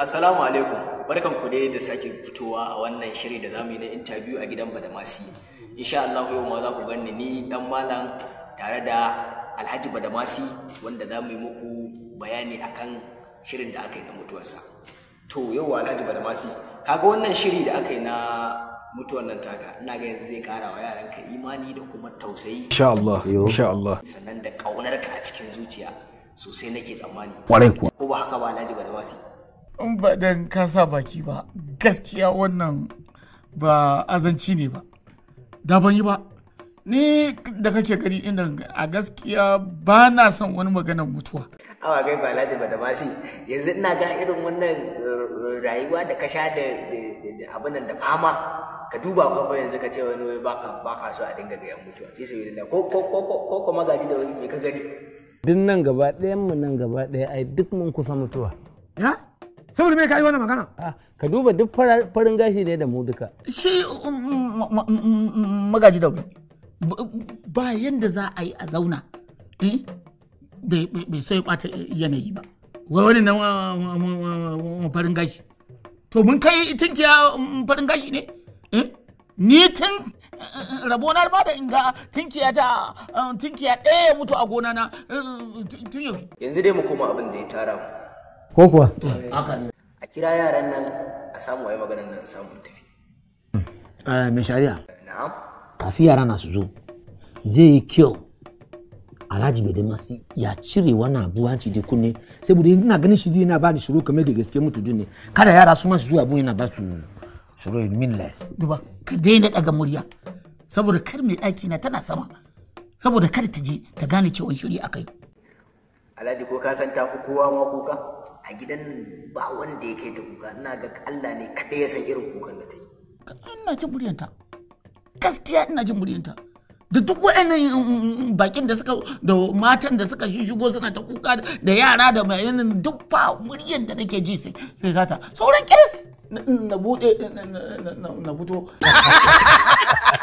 assalamu alaikum barkan ku dai da sake fitowa a wannan shiri da zamu yi na interview a gidan Badamasi insha Allah yau ma za ku ganni ni dan malam tare da Alhaji Badamasi wanda za mu yi muku bayani akan shirin da aka yi na mutuwarsa to yau Alhaji Badamasi kaga wannan shiri da aka yi na mutuwar nan taka ina ga yanzu zai kara wa ka imani da kuma tausayi insha Allah insha Allah sannan da kaunar ka a cikin zuciya sosai nake tsammani kwarai kuwa ko ba haka ba Alhaji Badamasi in ba dan ka sa baki ba gaskiya wannan ba azanci ne ba da ban yi ba ni da kake gani inda a gaskiya ba na son wani maganar mutuwa awa gai ba laji ba da masi yanzu ina ga irin wannan rayuwa da ka sha da abin da fama ka duba ka yanzu ka ce wani wai baka baka so a dinga ga yan mutuwa fi sai da ko ko ko ko ko magani da wani me ka gani duk nan gaba ɗayan mu nan gaba ɗaya ai duk mun kusa mutuwa ha saboda me ka yi wannan magana ka duba duk farin gashi ne da mu duka shi magaji da ba yanda za a yi a zauna bai so ya bata yanayi ba wai wani na farin gashi to mun kai tunkiya farin gashi ne ni tun rabonar ba da inga tinkiya ta tinkiya ɗaya mutu a gona na tun yau yanzu dai mu koma abin da ya tara mu ko kuwa a kira yaran nan a samu ayi maganar nan samu tafi eh mai shari'a na'am kafi yara na su zo zai yi kyau alhaji bai masu ya cire wannan abuwanci da kunne saboda ina ganin shi yana ba da shiru kamar da gaske mutu ne kada yara su masu zuwa abu yana ba su shiru meaningless duba ka daina daga murya saboda kar mai ɗaki na tana sama saboda kar ta je ta gane cewa shiri kai. alhaji ko ka san ta ku kowa ma kuka a gidan ba wanda ya kai ta kuka ina ga Allah ne kaɗai ya san irin kukan da ta yi ina jin muryanta gaskiya ina jin muryanta da duk wa'annan mm, mm, mm, bakin da suka da matan da suka shigo suna ta kuka da yara da mayanin duk fa muryan da nake ji sai sai zata sauran kiris na bude na buto